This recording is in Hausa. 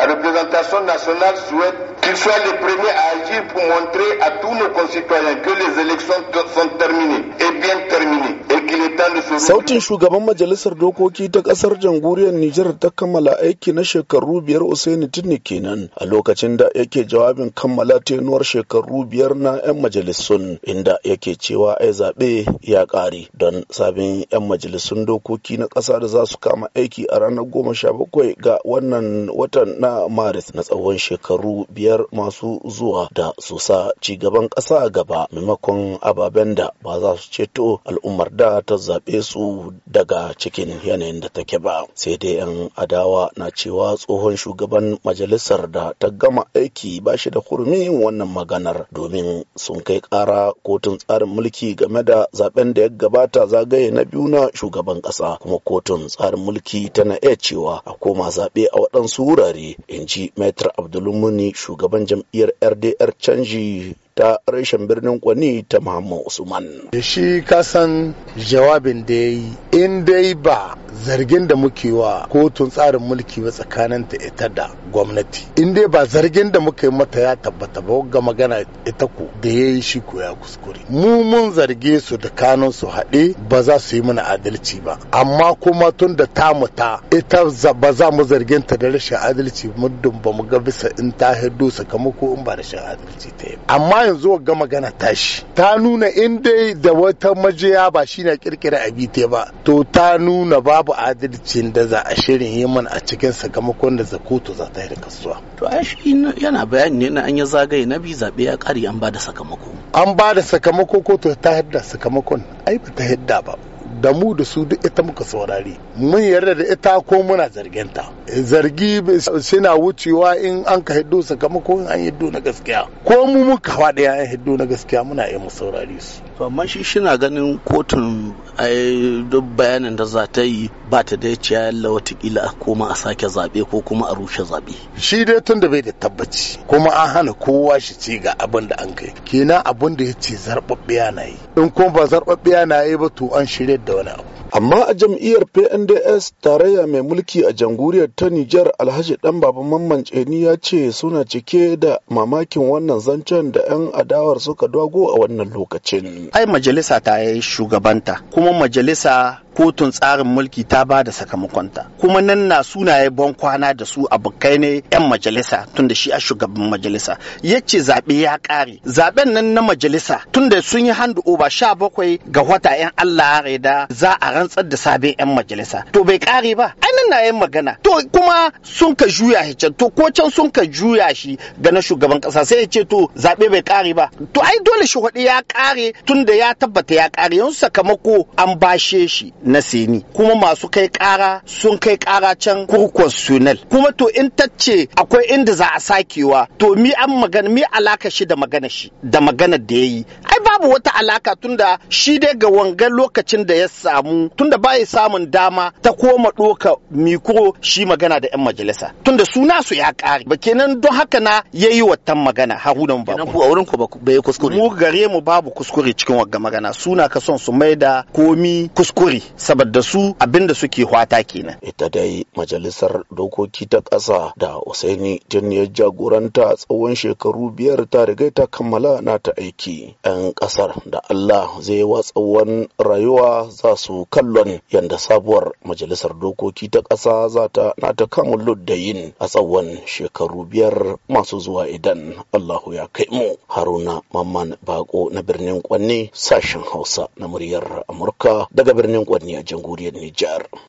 La représentation nationale souhaite qu'il soit le premier à agir pour montrer à tous nos concitoyens que les élections sont terminées. Sautin shugaban majalisar dokoki ta kasar jamhuriyar Nijar ta kammala aiki na shekaru biyar Usaini Tinni kenan a lokacin da yake jawabin kammala tenuwar shekaru biyar na 'yan majalisun inda yake cewa ai zaɓe ya ƙare don sabin 'yan majalisun dokoki na ƙasa da za su kama aiki a ranar goma sha bakwai ga wannan watan na Maris na tsawon shekaru biyar masu zuwa da su sa ci gaban ƙasa gaba maimakon ababen da ba za su ceto al'ummar da ta zaɓe su daga cikin yanayin da take ba sai dai yan adawa na cewa tsohon shugaban majalisar da ta gama aiki ba shi da hurumin wannan maganar domin sun kai kara kotun tsarin mulki game da zaben da ya gabata zagaye na biyu na shugaban kasa kuma kotun tsarin mulki tana iya cewa a koma zaɓe a waɗansu wurare in ji maitar abdulmuni shugaban jam'iyyar rdr canji ta reshen birnin kwani ta muhammad usman shi kasan jawabin da ya yi in dai ba zargin da muke wa kotun tsarin mulki ba tsakanin ta ita da gwamnati in dai ba zargin da muka yi mata ya tabbata ba ga magana ita ku da ya yi shi ko ya kuskure mu mun zarge su da kanun su haɗe ba za su yi mana adalci ba amma kuma tun da ta muta ita ba za mu zargin ta da rashin adalci muddin ba mu ga bisa in ta hiddu sakamako in ba rashin adalci ta yi amma yanzu ga magana tashi ta nuna in dai da wata majiya ba shine kirkira abi ta ba to ta nuna ba babu adalcin da za a shirin yi mana a cikin sakamakon da zakutu za ta yi da kasuwa. To a shi yana bayani ne na an yi zagaye na biyu zaɓe ya ƙari an ba da sakamako. An ba da sakamako ko ta yadda sakamakon ai ba ta yadda ba. da mu da su duk ita muka saurari mun yarda da ita ko muna zarginta zargi suna wucewa in an ka hiddo sakamako in an hiddo na gaskiya ko mu muka faɗi an hiddo na gaskiya muna yi mu saurari su to amma shi shina ganin kotun ai duk bayanin da za ta yi ba ta da ciya yalla watakila a koma a sake zaɓe ko kuma a rushe zaɓe. shi dai tun da bai da tabbaci kuma an hana kowa shi ci ga abin da an kai kenan abin da ya ce zarɓaɓɓiya na yi in kuma ba zarɓaɓɓiya na yi ba to an shirya da wani abu. amma a jam'iyyar pnds tarayya mai mulki a jamhuriyar ta nijar alhaji dan baba mamman ceni ya ce suna cike da mamakin wannan zancen da 'yan adawar suka dogo a wannan lokacin ai majalisa ta yi shugabanta kuma majalisa kotun tsarin mulki ta ba da sakamakonta kuma nan na sunaye ban kwana da su abokai ne yan majalisa tunda shi a shugaban majalisa ya ce zaɓe ya ƙare zaɓen nan na majalisa tunda sun yi hand over sha bakwai ga wata yan Allah ya za a rantsar da sabon yan majalisa to bai ƙare ba yana yin magana to kuma sun ka juya shi can to ko can sun ka juya shi ga na shugaban kasa sai ya ce to zaɓe bai kare ba to ai dole shi ya kare tun da ya tabbata ya kare yan sakamako an bashe shi na seni kuma masu kai kara sun kai kara can sunal kuma to in tacce akwai inda za a sakewa to mi an magana mi alaka shi da magana shi da magana da yayi ai babu wata alaka tunda shi dai ga wanga lokacin da ya samu tunda baya samun dama ta koma doka mikro shi magana da yan majalisa tunda suna su ya kare ba kenan don haka na yayi wata magana haruna ba ku a wurin ku ba bai kuskure mu gare mu babu kuskure cikin wagga magana suna ka son su da komi kuskure saboda su abinda suke hwata kenan ita dai majalisar dokoki ta ƙasa da Usaini Tun ya jagoranta tsawon shekaru biyar ta riga ta kammala na ta aiki 'yan kasar da Allah zai tsawon rayuwa za su kallon yadda sabuwar majalisar dokoki ta ƙasa za ta nata kamun luddayin a tsawon shekaru biyar masu zuwa idan Allahu ya kai mu Haruna Mamman Bako na birnin Kwanne sashen Hausa na muryar Amurka daga birnin Kwanne a jamhuriyar Nijar.